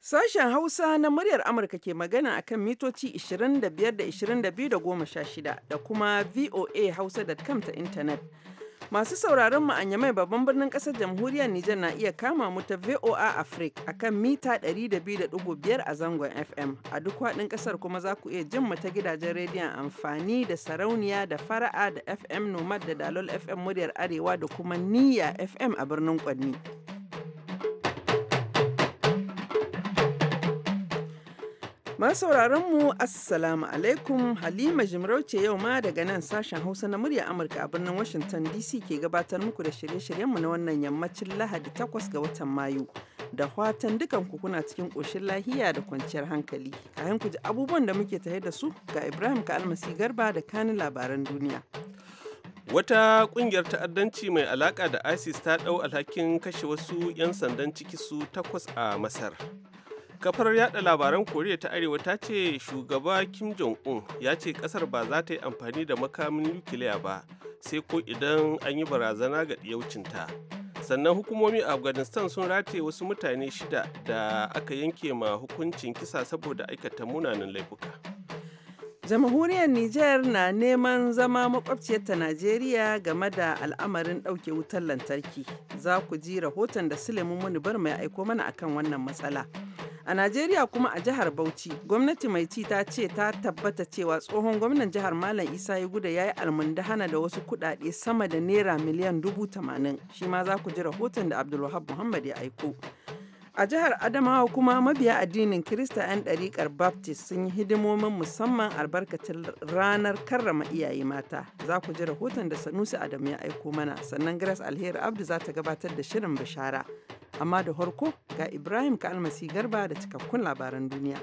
Sashen Hausa na muryar Amurka ke magana a kan mitoci 25 da 22 da 16 da kuma voa hausa.com ta intanet. Masu sauraron mu anya mai babban birnin kasar jamhuriyar Nijar na iya kama mu ta VOA Africa akan mita biyar a zangon FM. A duk faɗin kasar kuma za ku iya jin mu ta gidajen rediyon amfani da sarauniya da fara'a da FM Nomad da Dalol FM muryar Arewa da kuma niya FM a birnin Kwanni. sauraron mu assalamu alaikum halima jimarauce yau ma daga nan sashen hausa na murya amurka a birnin washington dc ke gabatar muku da shirye-shiryenmu na wannan yammacin lahadi 8 ga watan mayu da fatan dukan ku kuna cikin ƙoshin lahiya da kwanciyar hankali kayan ku ji abubuwan da muke tare da su ga ibrahim ka almasi garba da kanin labaran duniya wata kungiyar ta'addanci mai alaka da isis ta ɗau alhakin kashe wasu 'yan sandan ciki su takwas a masar kafar yada labaran koriya ta arewa ta ce shugaba kim jong-un ya ce kasar ba za ta yi amfani da makamin nukiliya ba sai ko idan an yi barazana ga ɗiyaucinta sannan hukumomi a afghanistan sun rataye wasu mutane shida da aka yanke ma hukuncin kisa saboda aikata munanan laifuka jamhuriyar niger na neman zama makwabciyarta najeriya game da al'amarin ɗauke wutar lantarki za ku ji rahoton da suleiman munibar mai aiko mana akan wannan matsala A Najeriya kuma a jihar Bauchi, gwamnati mai ci ta ce ta tabbata cewa tsohon gwamnan jihar Malam Isa ya guda ya yi almundahana da wasu kuɗaɗe sama da naira miliyan dubu tamanin. Shi ma za ku ji rahoton da Abdulwahab Muhammad ya aiko. A jihar Adamawa kuma mabiya addinin Kirista 'yan ɗariƙar Baptist sun yi hidimomin musamman albarkacin ranar karrama iyaye mata. Za ku ji rahoton da Sanusi Adamu ya aiko mana, sannan Grace Alheri Abdu za ta gabatar da shirin bishara. amma da harko ga Ibrahim ka almasi garba da cikakkun labaran duniya.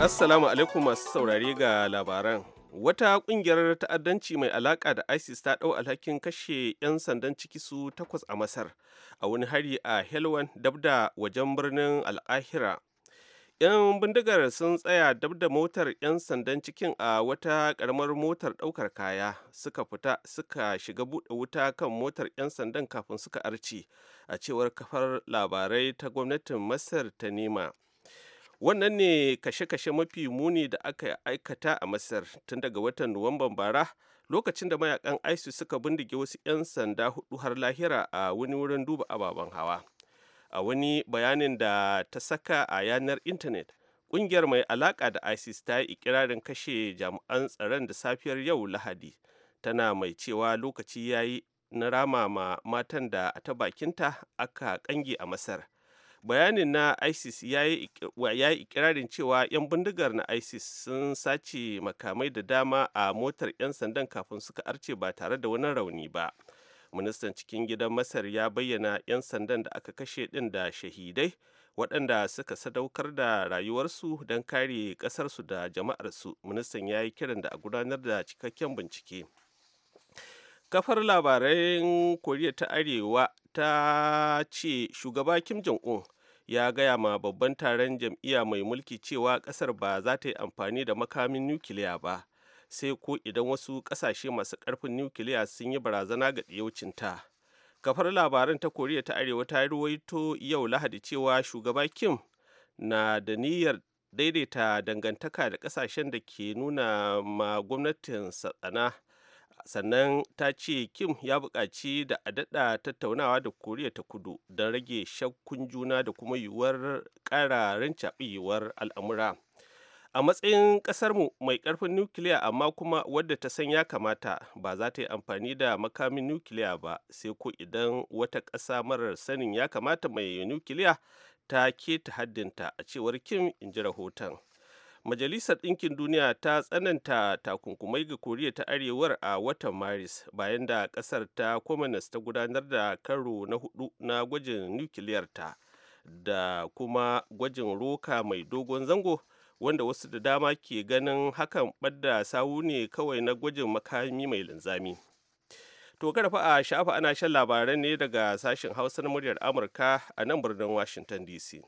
Assalamu alaikum masu saurare ga labaran. Wata kungiyar ta'addanci mai alaka da ISIS ta ɗau alhakin kashe 'yan sandan ciki su takwas a Masar a wani hari a Helwan dabda wajen birnin Al'ahira 'yan bindigar sun tsaya dab da motar 'yan sandan cikin a wata karamar motar daukar kaya suka fita suka shiga buɗe wuta kan motar 'yan sandan kafin suka arci a cewar kafar labarai ta gwamnatin masar ta nema wannan ne kashe-kashe mafi muni da aka aikata a masar tun daga watan nuwamban bara lokacin da mayakan isis suka bindige wasu 'yan sanda hudu har lahira a wani wurin duba ababen hawa. a wani bayanin da ta saka a yanar intanet kungiyar mai alaka da isis ta yi ikirarin kashe jami'an tsaron da safiyar yau lahadi tana mai cewa lokaci ya yi na rama ma matan da a ta bakinta aka kange a masar bayanin na isis ya yi ikirarin cewa 'yan bindigar na isis sun sace makamai da dama a motar 'yan sandan kafin suka arce ba tare da wani rauni ba. ministan cikin gidan masar ya bayyana 'yan sandan da aka kashe din da shahidai waɗanda suka sadaukar da rayuwarsu don kare ƙasarsu da jama'arsu ministan ya yi kiran da a gudanar da cikakken bincike kafar labaran koriya ta arewa ta ce shugaba kim jong-un ya gaya ma babban taron jam'iyya mai mulki cewa ƙasar ba za ta yi amfani da makamin nukiliya ba sai ko idan wasu kasashe masu karfin nukiliya sun yi barazana ga ta kafar labaran ta koriya ta arewa ta ruwaito yau lahadi cewa shugaba kim na da niyyar daidaita dangantaka da kasashen da ke nuna ma gwamnatin tsana sannan ta ce kim ya buƙaci da a daɗa tattaunawa da koriya ta kudu don rage shakkun juna da kuma yiwuwar ƙara rincaɓewar al'amura a matsayin ƙasarmu mai karfin nukiliya amma kuma wadda ta san ya kamata ba za ta yi amfani da makamin nukiliya ba sai ko idan wata ƙasa marar sanin ya kamata mai nukiliya ta keta haddinta a cewar kim in ji rahoton majalisar ɗinkin duniya ta tsananta takunkumai ga koriya ta arewar a watan maris bayan da ƙasar ta commonwealth ta gudanar da karo na hudu na gwajin nukiliyarta da kuma gwajin roka mai dogon zango wanda wasu da dama ke ganin hakan ɓadda sawu ne kawai na gwajin makami mai linzami to karfa a shafa ana shan labaran ne daga sashen hausa na muryar amurka a nan birnin washington dc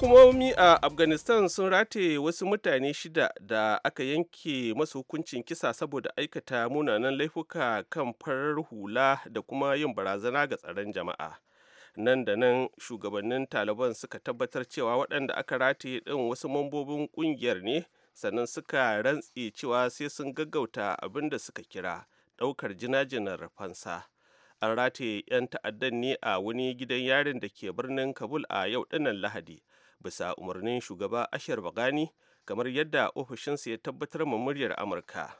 hukumomi a afghanistan sun rataye wasu mutane shida da aka yanke masu hukuncin kisa saboda aikata munanan laifuka kan farar hula da kuma yin barazana ga tsaron jama'a nan da nan shugabannin taliban suka tabbatar cewa waɗanda aka rataye ɗin wasu mambobin ƙungiyar ne sannan suka rantse cewa sai sun gaggauta abin da suka kira ɗaukar jinajinar fansa an rataye 'yan ta'addan ne a wani gidan yarin da ke birnin kabul a yau ɗinnan lahadi bisa umarnin shugaba ashar bagani kamar yadda ofishinsa ya tabbatar ma muryar amurka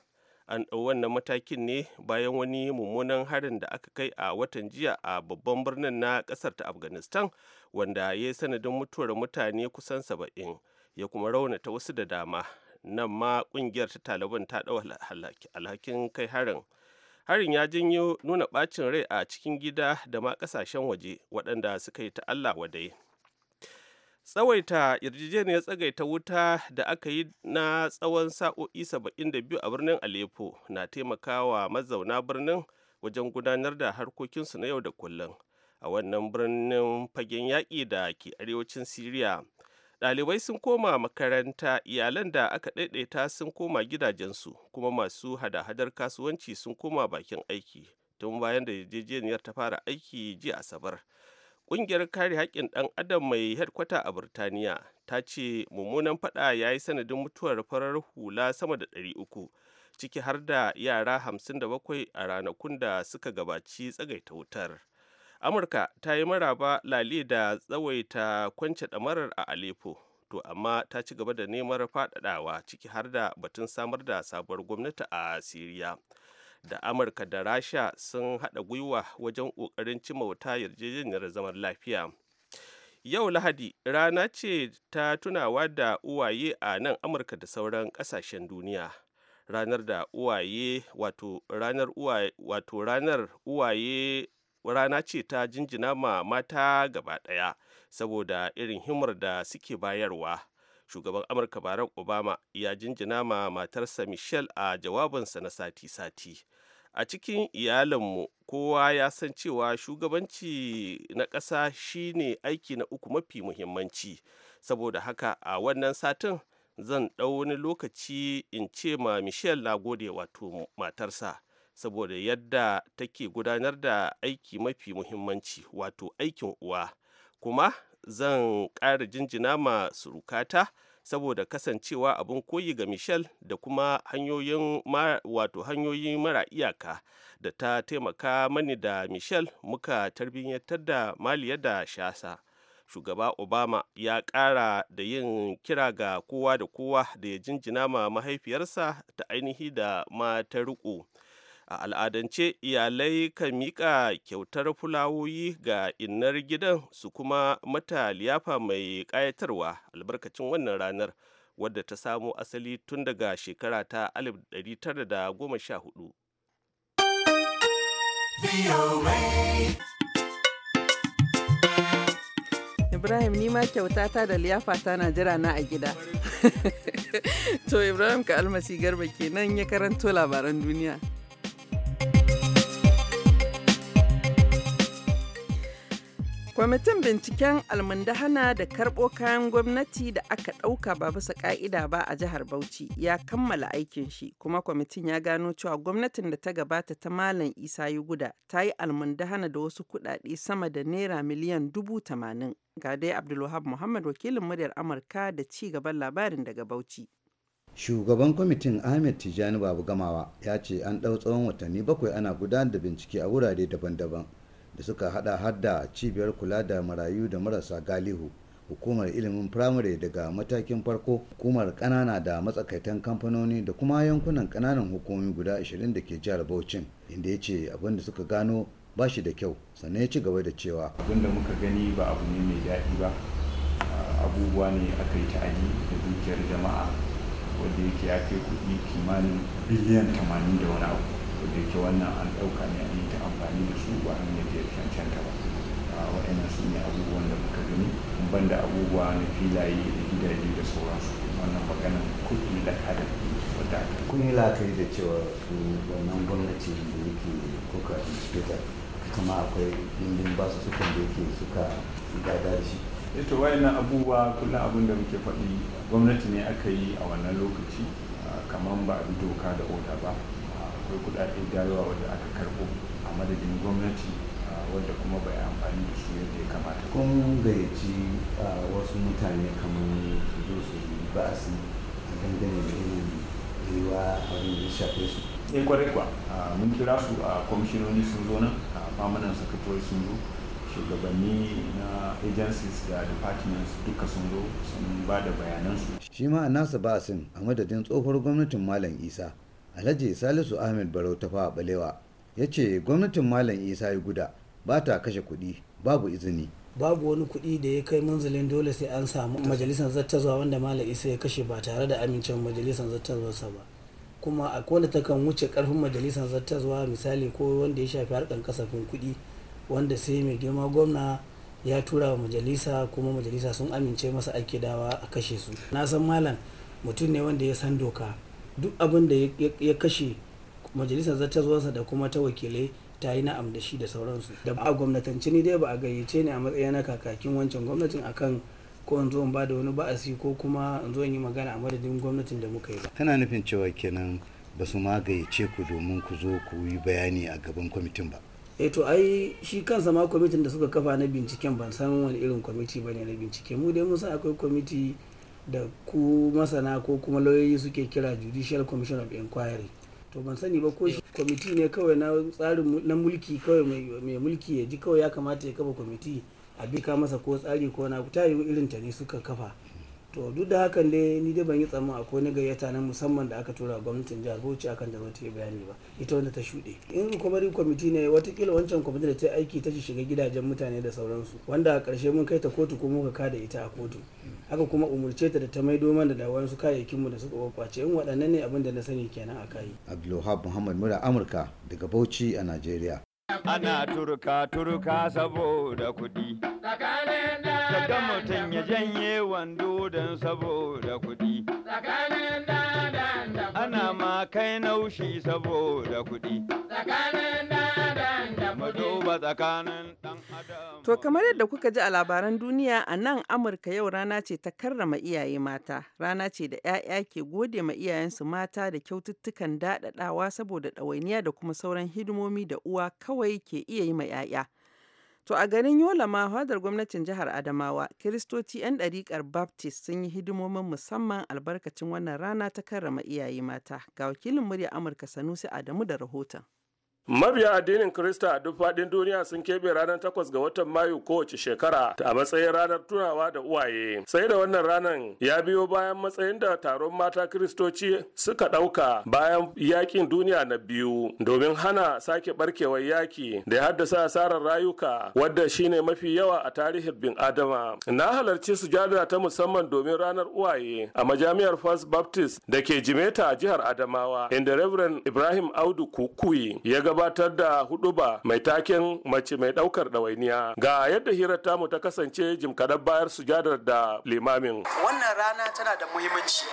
an ɗau wannan matakin ne bayan wani mummunan harin da aka kai a watan jiya a babban birnin na ƙasar ta afghanistan wanda ya yi sanadin mutuwar mutane kusan saba'in ya kuma raunata wasu da dama nan ma ƙungiyar ta taliban ta ɗau alhakin kai harin harin ya janyo nuna ɓacin rai a cikin gida da ma ƙasashen waje waɗanda suka yi ta allah wadai tsawaita yarjejeniyar tsagaita wuta da aka yi na tsawon sa'o'i 72 a birnin aleppo na taimakawa mazauna birnin wajen gudanar da harkokinsu na yau da kullum a wannan birnin fagen yaƙi da ke arewacin syria ɗalibai sun koma makaranta iyalan da aka ɗaiɗaita sun koma gidajensu kuma masu hada-hadar kasuwanci sun koma bakin aiki tun bayan da yarjejeniyar ta fara aiki jiya asabar ƙungiyar kare haƙƙin ɗan adam mai headkwata a burtaniya ta ce mummunan faɗa ya yi sanadin mutuwar farar hula sama da ɗari uku ciki har da yara hamsin da bakwai a ranakun da suka gabaci tsagaita wutar amurka ta yi maraba lale da tsawaita kwance ɗamarar a aleppo to amma ta ci gaba da neman faɗaɗawa ciki har da batun samar da sabuwar gwamnati a siriya da amurka da rasha sun haɗa gwiwa wajen ƙoƙarin cimma wata yarjejeniyar zaman lafiya yau lahadi rana ce ta tunawa da uwaye a nan amurka da sauran ƙasashen duniya ranar da uwaye wato ranar uwaye wato ranar uwaye rana ce ta jinjina ma mata gaba ɗaya saboda irin himar da suke bayarwa shugaban amurka barack obama ya jinjina ma matarsa michelle a jawabinsa na sati-sati a cikin iyalinmu kowa ya san cewa shugabanci na ƙasa shine aiki na uku mafi muhimmanci saboda haka a wannan satin zan ɗau wani lokaci in ce ma michelle na gode wato matarsa saboda yadda take gudanar da aiki mafi muhimmanci wato aikin uwa kuma zan ƙara jinjina ma surukata saboda kasancewa abin koyi ga michelle da kuma hanyoyin wato hanyoyi mara iyaka da ta taimaka mani da michelle muka tarbiyyantar da maliya da shasa shugaba obama ya ƙara da yin kira ga kowa da kowa da ya jinjina ma mahaifiyarsa ta ainihi da ma ta riƙo a al'adance iyalai kan miƙa kyautar fulawoyi ga innar gidan su kuma mata liyafa mai ƙayatarwa albarkacin wannan ranar wadda ta samo asali tun daga shekara ta 1914 Ibrahim ni kyautata da liyafata na jira na a gida. to Ibrahim ka almasi garba kenan ya karanto labaran duniya. Kwamitin binciken almundahana da karɓo kayan gwamnati da aka ɗauka ba bisa ƙa'ida ba a jihar Bauchi ya kammala aikin shi kuma kwamitin ya gano cewa gwamnatin da ta gabata ta Malam Isa Yuguda ta yi almundahana da wasu kuɗaɗe sama da naira miliyan dubu tamanin. Ga dai Abdulwahab Muhammad wakilin muryar Amurka da ci gaban labarin daga Bauchi. shugaban kwamitin ahmed tijjani babu gamawa ya ce an ɗau tsawon watanni bakwai ana gudanar da bincike a wurare daban-daban da suka hada hadda cibiyar kula da marayu da marasa galihu hukumar ilimin firamare daga matakin farko hukumar kanana da matsakaitan kamfanoni da kuma yankunan kananan hukumomi guda 20 da ke jihar Bauchin inda ya ce abin da suka gano ba shi da kyau sannan ya ci gaba da cewa abin da muka gani ba abu ne mai daɗi ba abubuwa ne aka yi ta'adi da dukiyar jama'a wanda yake ya kai kuɗi kimanin biliyan 80 da wani abu da ke wannan an ɗauka ne an yi ta amfani da su ba an yadda ya cancanta ba ah, waɗannan su ne abubuwan da muka gani ban da abubuwa na filaye da gidaje da sauransu wannan maganan kuɗi da kada wadda kun yi la'akari da cewa su wannan gwamnati da yake kuka inspector kuma akwai ba su sukan da yake suka gada da shi ita eh wayannan abubuwa kullum abin da muke faɗi gwamnati ne aka yi a wannan lokaci ah, kamar ba a bi doka da oda ba akwai kudaden da yawa wanda aka karbo a madadin gwamnati wanda kuma bai amfani da su yadda ya kamata kun gayyaci wasu mutane kamar su zo su yi ba'asi a dangane da yin yiwa abin da shafe su eh kwarai mun kira su a kwamishinoni sun zo nan a famanan sakatori sun zo shugabanni na agencies da departments duka sun zo sun ba da bayanansu shi ma nasa ba'asin a madadin tsohuwar gwamnatin malam isa alhaji salisu ahmed barau ta fawa balewa ya ce gwamnatin malam isa ya guda ba ta kashe kuɗi babu izini babu wani kuɗi da ya kai manzalin dole sai an samu majalisar zattazuwa wanda malam isa ya kashe ba tare da amincin majalisar zattazuwarsa ba kuma a wanda ta kan wuce karfin majalisar zattazuwa misali ko wanda ya shafi harkar kasafin kuɗi wanda sai mai girma gwamna ya tura wa majalisa kuma majalisa sun amince masa ake dawa a kashe su na san malam mutum ne wanda ya san doka duk abin da ya kashe majalisar zartaswarsa da kuma ta wakilai ta yi na'am da shi da sauransu da ba a gwamnatance ni dai ba a gayyace ne a matsayin na kakakin wancan gwamnatin akan ko in zo in ba da wani ba'asi ko kuma in zo in yi magana a madadin gwamnatin da muka yi ba tana nufin cewa kenan ba su ma gayyace ku domin ku zo ku yi bayani a gaban kwamitin ba eh to ai shi kansa ma kwamitin da suka kafa na binciken ban san wani irin kwamiti ba ne na bincike mu dai mun san akwai kwamiti da ku masana ko kuma lauyoyi suke kira judicial commission of inquiry to ban sani ba ko shi kwamiti ne kawai na tsarin na mulki kawai mai mulki ya ji kawai ya kamata ya kafa kwamiti a bi ka masa ko tsari ko na ta yiwu irin ta ne suka kafa to duk da hakan dai ni dai ban yi tsama akwai na gayyata na musamman da aka tura gwamnatin jihar bauchi akan da ta yi bayani ba ita wanda ta shuɗe in kuma kwamiti ne watakila wancan kwamiti da ta aiki ta shiga gidajen mutane da sauransu wanda a ƙarshe mun kai ta kotu ko muka kada ita a kotu haka kuma umurce ta da ta maido mana da wasu kayayyakin mu da suka kwace in waɗannan ne abin da na sani kenan a kai Abdulwahab Muhammad mura Amurka daga Bauchi a Najeriya ana turka turka saboda kuɗi ka ga mutum ya janye wando don saboda kuɗi ana ma kai naushi saboda To kamar yadda kuka ji a labaran duniya a nan Amurka yau rana ce ta karrama iyaye mata, rana ce da 'ya'ya ke gode ma iyayensu mata da kyaututtukan daɗaɗawa saboda ɗawainiya da kuma sauran hidimomi da uwa kawai ke iya yi ma 'ya'ya. To a garin Yola ma fadar gwamnatin jihar Adamawa, Kiristoci 'yan ɗariƙar Baptist sun yi hidimomin musamman albarkacin wannan rana ta karrama iyaye mata. Ga wakilin murya Amurka Sanusi Adamu da rahoton. Mabiya addinin Kirista a duk faɗin duniya sun keɓe ranar takwas ga watan Mayu kowace shekara a matsayin ranar tunawa da uwaye. Sai da wannan ranar ya biyo bayan matsayin da taron mata Kiristoci suka ɗauka bayan yakin duniya na biyu domin hana sake barkewar yaki da ya haddasa asarar rayuka wadda shine mafi yawa a tarihin bin Adama. Na halarci sujada ta musamman domin ranar uwaye a majami'ar First Baptist da ke Jimeta a jihar Adamawa inda Reverend Ibrahim Audu Kukui ya gaba gabatar da huduba mai taken mace mai daukar ɗawainiya ga yadda hirar tamu ta kasance jim kaɗan bayar sujadar da limamin wannan rana tana da muhimmanci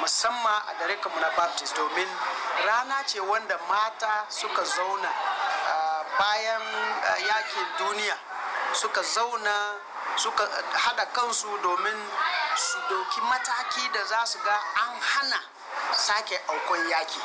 musamman a gare na baptist domin rana ce wanda mata suka zauna bayan yakin duniya suka zauna suka hada kansu domin su doki mataki da za su ga an hana sake aukon yaki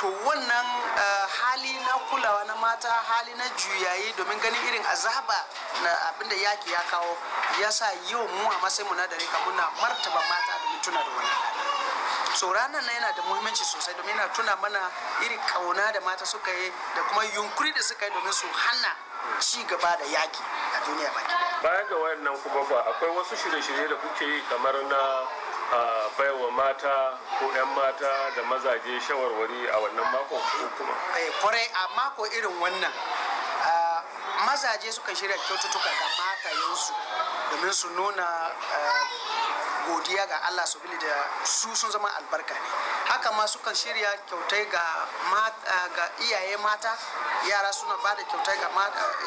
to wannan eh, hali na kulawa na mata hali na juyayi domin ganin irin azaba na abinda yaki ya kawo ya sa yau mu a matsayin mu na dare ka muna martaba mata domin tuna da wannan so ranar na yana da muhimmanci sosai domin yana tuna mana irin kauna da mata suka yi da kuma yunkuri da suka yi domin su hana ci gaba da yaki a duniya baki baya ga wayannan kuma ba akwai wasu shirye-shirye da kuke yi kamar na a baiwa mata ko 'yan mata da mazaje shawarwari a wannan mako kuma eh, kwarai a mako irin wannan mazaje suka shirya kyaututtuka ga matayensu domin su nuna eh, godiya ga Allah su da su sun zama albarka ne haka ma sukan shirya kyautai ga iyaye mata yara suna ba da kyautai ga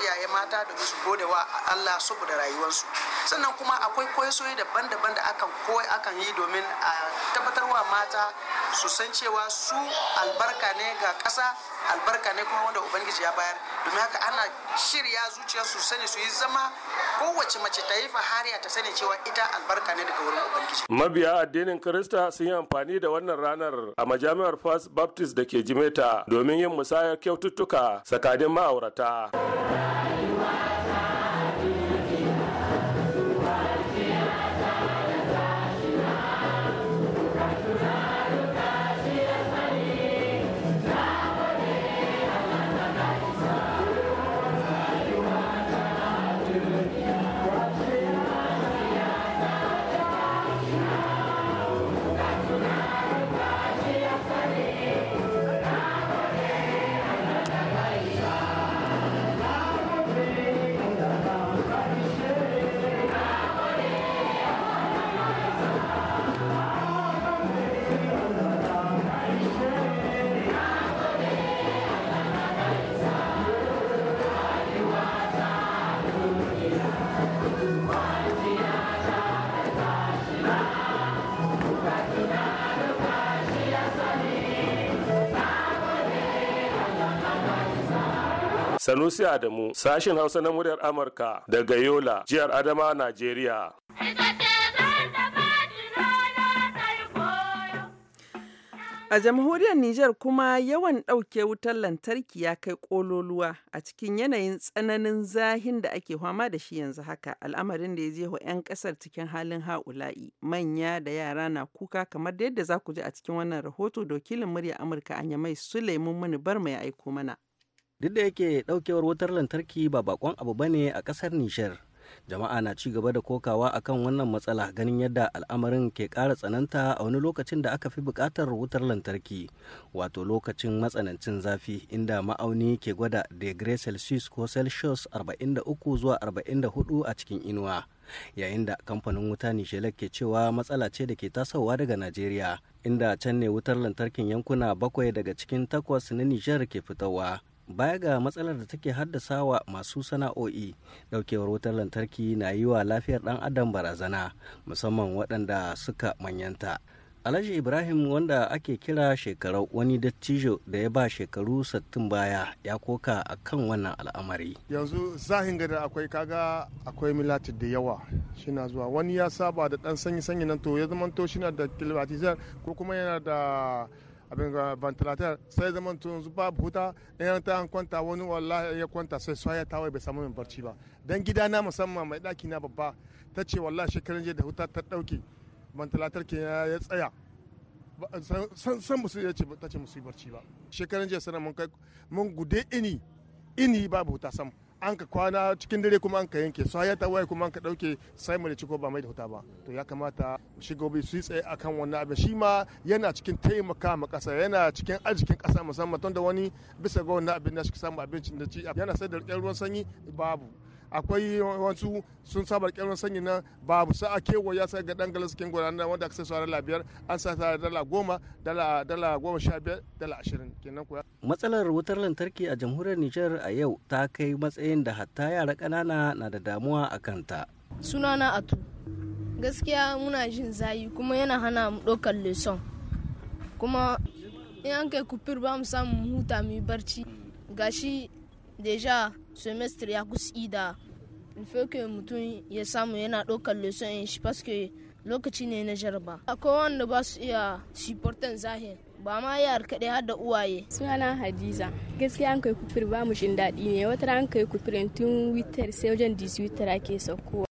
iyaye mata domin su gode wa Allah saboda rayuwarsu sannan kuma akwai koyosoyi daban-daban da akan akan yi domin a tabbatar wa mata su san cewa su albarka ne ga ƙasa albarka ne kuma wanda ubangiji ya bayar domin haka ana shirya zuciyar su sani su yi zama kowace mace ta yi fahariya ta sani cewa ita albarka ne daga wurin ubangiji mabiya addinin kirista sun yi amfani da wannan ranar a majami'ar first baptist da ke jimeta domin yin musayar kyaututtuka tsakanin ma'aurata Sanusi Adamu, Sashen Hausa na muryar Amurka daga Yola, jihar Adama, Najeriya. A jamhuriyar Nijar kuma yawan ɗauke wutar lantarki ya kai ƙololuwa a cikin yanayin tsananin zahin da ake fama da shi yanzu haka al'amarin da ya je wa 'yan ƙasar cikin halin ha'ula'i manya da yara na kuka kamar da yadda za ku ji a cikin wannan rahoto da wakilin murya Amurka Anya Mai Suleiman bar Barma ya aiko mana. duk da yake daukewar wutar lantarki ba bakon abu bane a kasar nishar jama'a na ci gaba da kokawa akan wannan matsala ganin yadda al'amarin ke kara tsananta a wani lokacin da aka fi bukatar wutar lantarki wato lokacin matsanancin zafi inda ma'auni ke gwada degree celsius ko celsius 43 zuwa 44 a cikin inuwa yayin da kamfanin wuta nishela ke cewa matsala ce da ke tasowa daga najeriya inda can ne wutar lantarkin yankuna bakwai daga cikin takwas na nijar ke fitowa baya ga matsalar da take haddasawa masu sana'o'i daukewar wutar lantarki na yi wa lafiyar dan adam barazana musamman waɗanda suka manyanta alhaji ibrahim wanda ake kira shekarau wani dattijo da ya ba shekaru sattin baya ya koka a kan wannan al'amari yanzu zahin gada akwai kaga akwai milati da yawa shina zuwa wani ya saba da dan sanyi sanyi nan to ya zama to shina da kilvatizar ko kuma yana da abin ga ventilator sai zaman tun ba huta in an ta an kwanta wani wallah ya kwanta sai soya ta wai bai samu min barci ba dan gida na musamman mai daki na babba ta ce wallahi shekaran jiya da huta ta dauke ventilator ke ya tsaya san san musu ya ce ta ce musu barci ba shekaran jiya sanan mun kai mun gude ini ini babu huta sam an ka kwana cikin dare kuma an ka yanke su ya ta waye kuma an ka dauke sai mu da ciko ba mai da huta ba to ya kamata shigobi su yi tsaye akan wannan abin shi ma yana cikin taimaka ma kasa yana cikin arzikin kasa musamman tun wani bisa ga wannan abin da shi samu abincin da ci yana sai da ruwan sanyi babu akwai wasu sun saba kyarun sanyi na babu sa a kewaya sai ga dan galas kin gona wanda aka sai sauran labiyar an sa ta dala goma dala dala goma sha biyar dala ashirin kenan kuwa. matsalar wutar lantarki a jamhuriyar nijar a yau ta kai matsayin da hatta yara ƙanana na da damuwa a kanta. sunana atu gaskiya muna jin zayi kuma yana hana mu ɗaukar leson kuma in an kai kufir ba mu samu huta mu barci gashi deja semestre ya kusi da ilfoke mutum ya samu yana ɗaukar lesson shi paske lokaci ne na jaraba akwai wanda ba su iya supportan zahir ba ma yar kaɗai har da uwaye sunana hadiza gaskiya an kai kufir ba mu shin daɗi ne wata an kai kufir tun witar sai wajen diswitar ake saukowa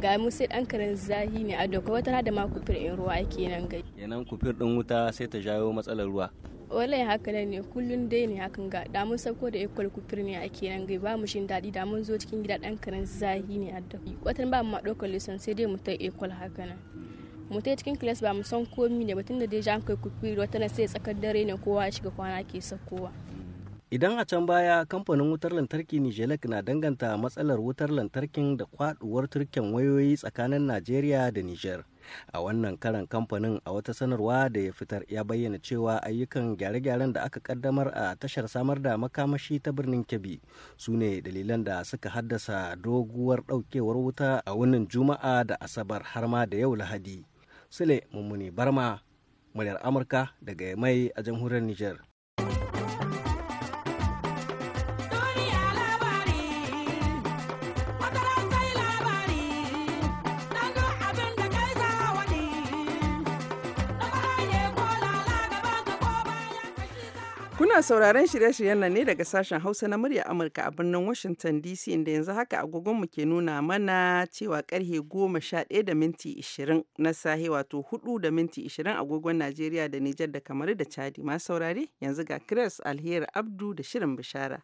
ga mu sai ɗan karen zahi ne a doka wata da ma kufir in ruwa ake nan gai kenan kufir ɗin wuta sai ta jawo matsalar ruwa ya haka nan ne kullun dai ne hakan ga da mun sauko da ikwal kufir ne a kenan gai ba mu shin daɗi da mun zo cikin gida ɗan karin zahi ne adda watan ba mu ma ɗaukar lisan sai dai mu ta ekwal haka nan mu ta cikin kilas ba mu san komi ne batun da dai jan kai kufir wata na sai tsakar dare ne kowa ya shiga kwana ke sakowa. idan a can baya kamfanin wutar lantarki nijelek na danganta matsalar wutar lantarkin da kwaduwar turken wayoyi tsakanin najeriya da niger a wannan karan kamfanin a wata sanarwa da ya fitar ya bayyana cewa ayyukan gyare-gyaren da aka kaddamar a tashar samar da makamashi ta birnin kebbi su ne dalilan da suka haddasa doguwar daukewar wuta a wannan juma'a da asabar har ma da yau lahadi sule mummuni barma muryar amurka daga mai a jamhuriyar niger sauraron shirye-shiryen nan ne daga sashen Hausa na murya Amurka a birnin Washington DC inda yanzu haka agogonmu ke nuna mana cewa karhe goma sha ɗaya da minti ishirin na sahe wato hudu da minti ishirin agogon Najeriya da Nijar da kamar da Chadi. ma saurare yanzu ga Chris Alheri Abdu da Shirin Bishara.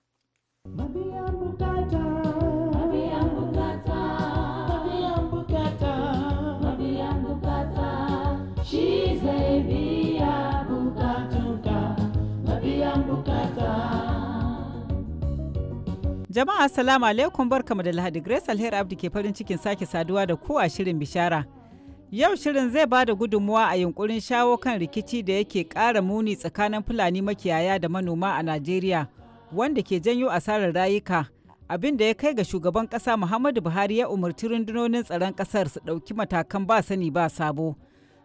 Jama'a assalamu alaikum barkamu da Lahadi Grace Alheri Abdi ke farin cikin sake saduwa da ku a shirin bishara. Yau shirin zai ba da gudunmuwa a yunkurin shawo kan rikici da yake ƙara muni tsakanin Fulani makiyaya da manoma a Najeriya wanda ke janyo asarar rayuka abin da ya kai ga shugaban ƙasa Muhammadu Buhari ya umarci rundunonin tsaron ƙasar su ɗauki matakan ba sani ba sabo.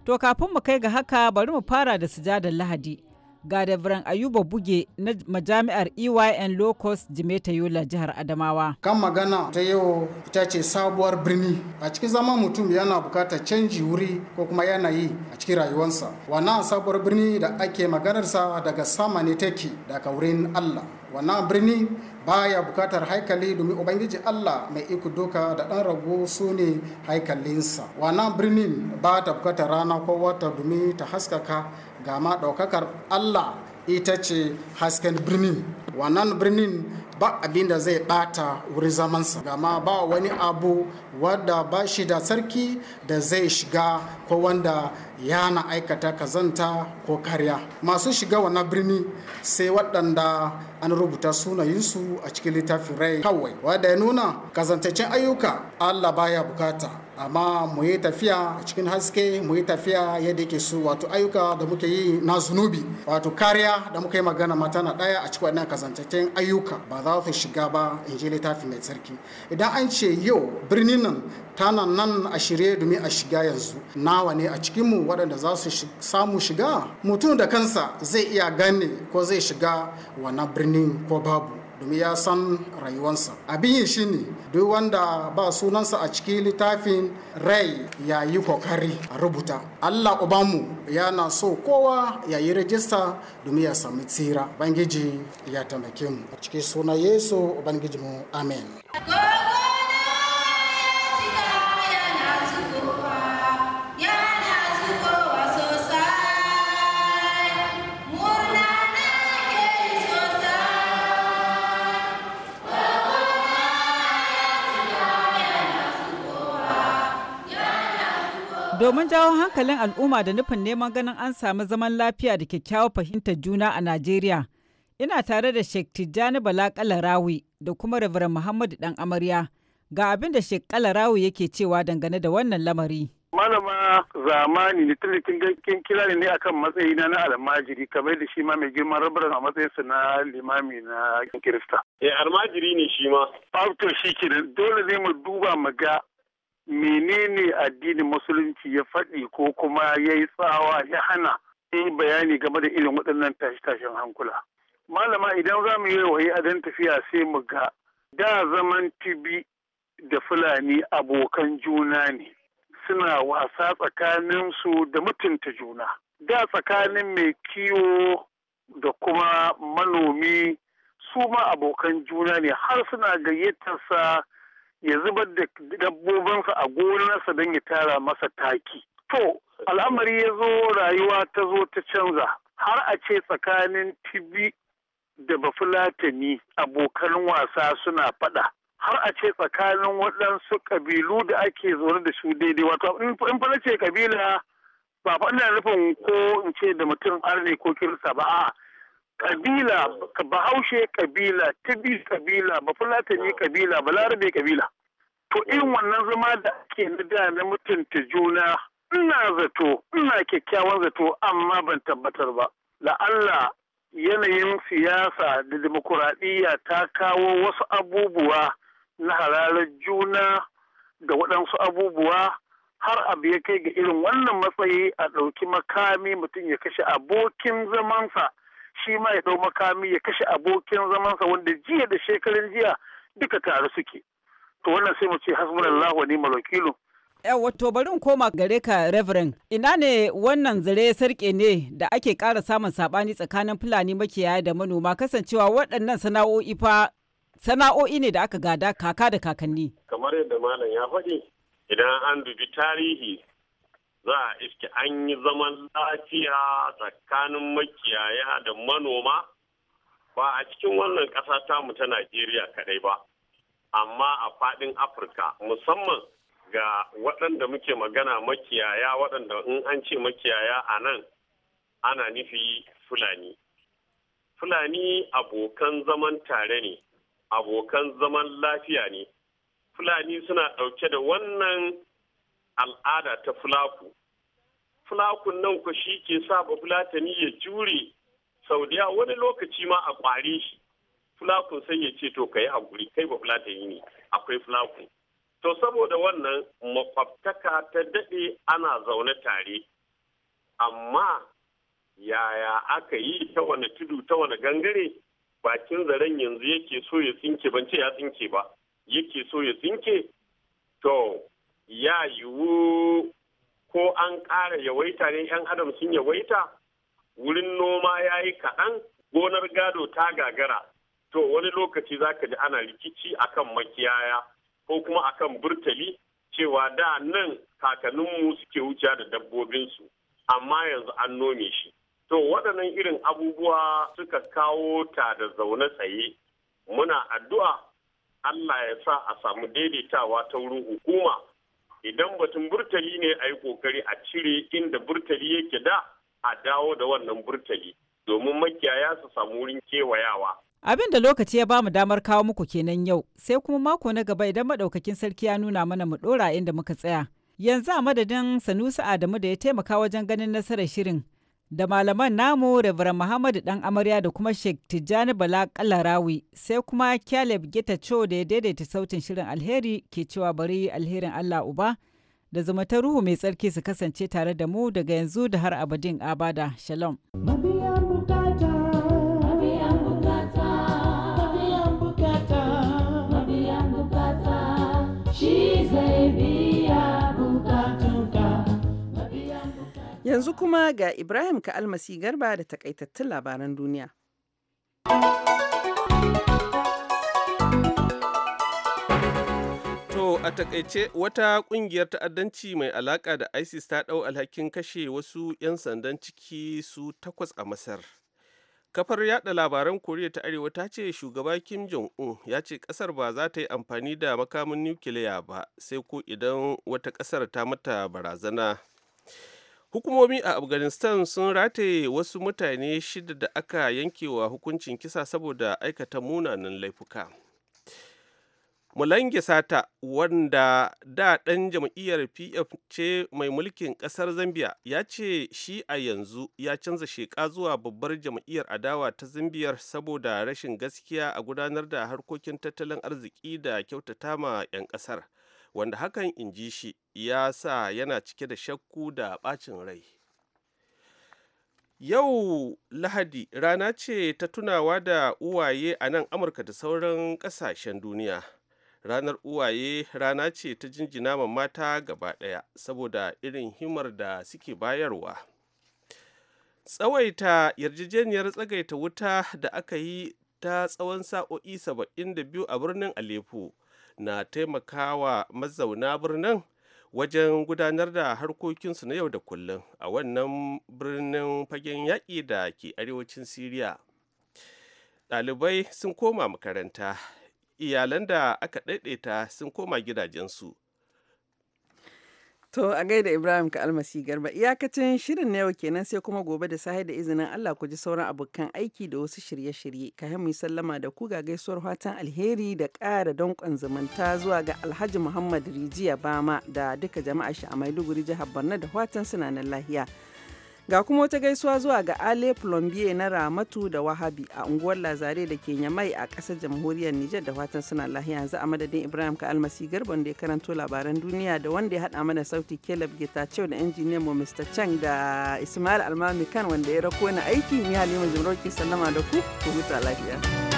To kafin mu kai ga haka bari mu fara da sujadar Lahadi. ga biran Ayuba Buge na majami'ar EYN Locust Jimeta Yola jihar Adamawa. Kan magana ta yau ita ce sabuwar birni. A cikin zaman mutum yana bukatar canji wuri ko kuma yanayi a cikin rayuwarsa. Wannan sabuwar birni da ake maganarsa daga sama ne take daga wurin Allah. Wannan birni baya bukatar haikali domin ubangiji Allah mai iku doka da ɗan rago su ne haikalinsa. Wannan birnin ba ta bukatar rana ko wata domin ta haskaka Gama ma ɗaukakar Allah ita ce hasken birnin wannan birnin ba abin da zai ɓata wuri zamansa gama ba wani abu wadda ba shi da sarki da zai shiga ko wanda yana aikata kazanta ko karya masu shiga wannan birni sai waɗanda an rubuta sunayensu a cikin littafin rai kawai wadda ya nuna kazantaccen ayyuka allah baya bukata amma mu yi tafiya cikin haske mu yi tafiya yadda yake su wato ayyuka da muke yi na zunubi wato kariya da muka yi magana mata na daya a cikin wannan kazantattun ayyuka ba za su shiga ba in ji littafi mai tsarki idan an ce yau birnin nan tana nan a shirye domin a shiga yanzu nawa ne a cikin mu waɗanda za su samu shiga mutum da kansa zai iya gane ko zai shiga wannan birnin ko babu domin ya san rayuwansa abin yi shine duk wanda ba sunansa a cikin littafin rai ya yi kokari a rubuta allah ya na so kowa ya yi rajista domin ya sami tsira bangiji ya taimake mu a cikin suna yesu ubangijinmu mu amen domin jawo hankalin al'umma da nufin neman ganin an samu zaman lafiya da kyakkyawar fahimtar juna a Najeriya. Ina tare da Sheikh Tijjani Bala Kalarawi da kuma Rabiran Muhammadu Dan Amarya. Ga abin da Sheikh Kalarawi yake cewa dangane da wannan lamari. Malama zamani ne tilikin gankin kira ne akan matsayi na almajiri kamar da shi ma mai girman rabar a matsayinsa na limami na Kirista. Eh almajiri ne shi ma. Fafto shi kenan dole zai mu duba mu ga menene addinin musulunci ya faɗi ko kuma ya yi tsawa ya hana yi bayani game da irin waɗannan tashe-tashen hankula. Malama idan za mu yi waye a tafiya sai mu ga da zaman tibi da Fulani abokan juna ne suna wasa tsakaninsu da mutunta juna. Da tsakanin mai kiwo da kuma manomi su ma abokan juna ne har suna gayyatarsa ya zubar da dabbobinsa a gonarsa don ya tara masa taki. To, al'amari ya zo rayuwa ta zo ta canza har a ce tsakanin tibi da bafulatani abokan wasa suna faɗa. har a ce tsakanin waɗansu ƙabilu da ake zaune da su daidai wato in fara ce ƙabila ba faɗin ina nufin ko in ce da mutum arne ko kirista ba a kabila bahaushe kabila tibi kabila bafulatani kabila balarabe kabila to irin wannan zama da ake da na mutunta juna ina zato ina kyakkyawan zato amma ban tabbatar ba la'alla yanayin siyasa da demokuraɗiyya ta kawo wasu abubuwa na halalar juna da waɗansu abubuwa har abu ya kai ga irin wannan matsayi a ɗauki makami mutum ya kashe abokin zamansa shi ma ya dau makami ya kashe abokin zamansa wanda jiya da shekarun jiya duka tare suke to wannan sai mu ce hasbunallahu wa ni'mal wakilu wato bari in koma gare ka reverend ina ne wannan zare sarke ne da ake kara samun sabani tsakanin fulani makiyaya da manoma kasancewa waɗannan sana'o'i fa sana'o'i ne da aka gada kaka da kakanni kamar yadda malam ya faɗi idan an dubi tarihi za a iske an yi zaman lafiya tsakanin makiyaya da manoma ba a cikin wannan ƙasa tamu ta najeriya kaɗai ba amma a faɗin afirka musamman ga waɗanda muke magana makiyaya waɗanda in an ce makiyaya a nan ana nufi fulani fulani abokan zaman tare ne abokan zaman lafiya ne fulani suna ɗauke da wannan al'ada ta fulaku fulakun nan ku shi ke sa ba fulatani ya jure saudiya wani lokaci ma a kwari shi fulakun sai ya ce to kai guri kai ba fulatani ne akwai fulakun to saboda wannan makwabtaka ta daɗe ana zaune tare amma yaya aka yi ta wani tudu ta wani gangare bakin zaren yanzu yake so ya tsinke ban ce ya tsinke ba yake so ya tsinke to ya yiwu ko an ƙara yawaita ne 'yan adam sun yawaita wurin noma ya yi kaɗan gonar gado ta gagara to wani lokaci za ka ji ana rikici akan makiyaya ko kuma akan burtali cewa da nan kakanninmu suke wuce da dabbobinsu amma yanzu an nome shi to waɗannan irin abubuwa suka kawo ta da zaune tsaye muna addu'a Allah ya sa a samu daidaitawa ta wurin hukuma idan batun burtali ne a yi kokari a cire inda burtali yake da a dawo da wannan burtali domin makiyaya su samu wurin kewayawa. Abin da lokaci ya bamu damar kawo muku kenan yau sai kuma mako na gaba idan madaukakin sarki ya nuna mana mu dora inda muka tsaya. Yanzu a madadin Sanusi Adamu da ya taimaka wajen ganin nasarar shirin da malaman namu Reverend Muhammadu Dan Amarya da kuma Sheikh Tijjani Bala Kalarawi sai kuma Caleb Geta Cho da ya daidaita sautin shirin alheri ke cewa bari alherin Allah Uba da zama ta ruhu mai tsarki su kasance tare da mu daga yanzu da har abadin abada. Shalom. Yanzu kuma ga Ibrahim Ka'almasi Garba da takaitattun labaran duniya. To a takaice wata kungiyar ta'addanci mai alaka da ISIS ta ɗau alhakin kashe wasu 'yan sandan ciki su takwas a Masar. Kafar yaɗa labaran Koriya ta Arewa ta ce shugaba Kim Jong-un ya ce ƙasar ba za ta yi amfani da makamin nukiliya ba sai ko idan wata ƙasar ta mata barazana hukumomi a afghanistan sun rataye wasu mutane shida da aka yankewa hukuncin kisa saboda aikata munanan laifuka mulange sata wanda da ɗan jam'iyyar pf ce mai mulkin ƙasar zambia ya ce shi a yanzu ya canza sheƙa zuwa babbar jam'iyyar adawa ta zambiyar saboda rashin gaskiya a gudanar da harkokin tattalin arziki da kyautata ma 'yan ƙasar. wanda hakan in ji shi ya sa yana cike da shakku da ɓacin rai yau lahadi rana ce ta tunawa da uwaye a nan amurka da sauran ƙasashen duniya ranar uwaye rana ce ta jinjina ma mata gaba ɗaya saboda irin himar da suke bayarwa tsawaita yarjejeniyar tsagaita wuta da aka yi ta tsawon sa'o'i 72 a birnin aleppo na taimakawa mazauna birnin wajen gudanar da harkokinsu na yau da kullum a wannan birnin fagen yaƙi da ke arewacin siriya ɗalibai sun koma makaranta iyalan da aka ɗaiɗaita sun koma gidajensu To a gaida Ibrahim ka almasi garba iyakacin shirin na yau kenan sai kuma gobe da sahi da izinin Allah ku ji sauran abokan aiki da wasu shirye-shirye ka mu sallama da ku ga gaisuwar fatan alheri da ƙara danƙon zumunta zuwa ga Alhaji Muhammad Rijiya Bama da duka jama'a shi a Maiduguri jihar Borno da fatan suna nan lahiya. Ga kuma wata gaisuwa zuwa ga Ale Plombier na Ramatu da Wahabi a unguwar Lazare da ke Nyamai a ƙasar jamhuriyar Nijar da fatan suna lahiya yanzu a madadin Ibrahim ka almasi garban da ya karanto labaran duniya da wanda ya hada mana sauti Caleb Getachew da injiniyan mu Mr. Chang da Ismail Almami kan wanda ya rako na aiki ni Halima Jumroki sallama da ku ku huta lafiya.